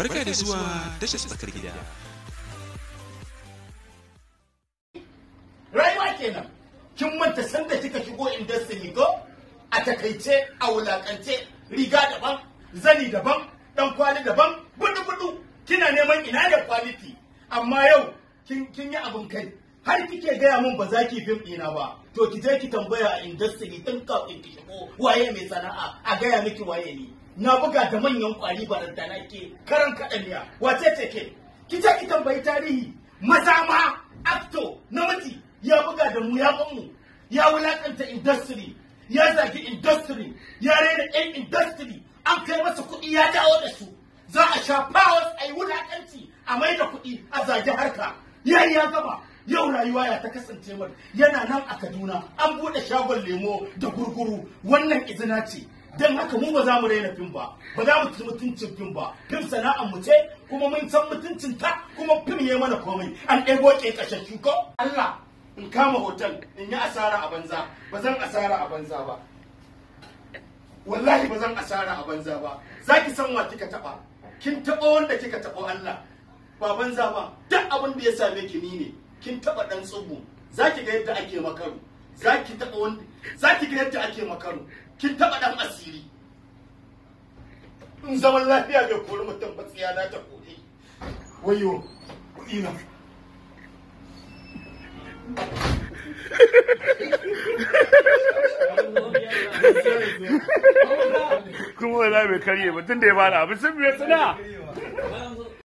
Barka da zuwa tashar tsakar gida. Rayuwa kenan, kin manta sanda kika shigo industry ko? A takaice, a wulaƙance, riga daban, zani daban, ɗan kwali daban, budu budu. Kina neman ina da quality, amma yau kin kin yi abin kai. Har kike gaya min ba za ki fim ɗina ba, to ki je ki tambaya a industry din kafin ki shigo waye mai sana'a a gaya miki waye ne. na buga da manyan kwari baranta na ke karan kaɗaniya wace ce ke ki ce ki tambayi tarihi maza ma na namiji ya buga da mu ya mu ya wulakanta industry ya zagi industry ya rena yan industry an kai masa kuɗi ya dawo da su za a sha powers a yi wulakanci a mai da kuɗi a zagi harka yayi ya gaba yau rayuwa ya ta kasance mana yana nan a kaduna an buɗe shagon lemo da gurguru wannan izina ce don haka mu ba za mu raina fim ba ba za mu ci mutuncin fim ba fim sana'ar mu ce kuma mun san mutuncin ta kuma fim ya mana komai an ɗago ƙeƙashashu ko Allah in kama hoton in yi asara a banza ba zan asara a banza ba wallahi ba zan asara a banza ba za ki san wa kika taɓa kin taɓa wanda kika taɓa Allah ba banza ba duk abin da ya same ki ni ne kin taɓa ɗan tsubu za ki ga yadda ake makaru zaki taba taɓa wani ga yadda ake makaro kin taɓa ɗan asiri in zaman lafiya bai kori mutum ba tsiya na ta kore wayo kuɗi na kuma wala bai karye ba tun da ya bada abin sun biya tsada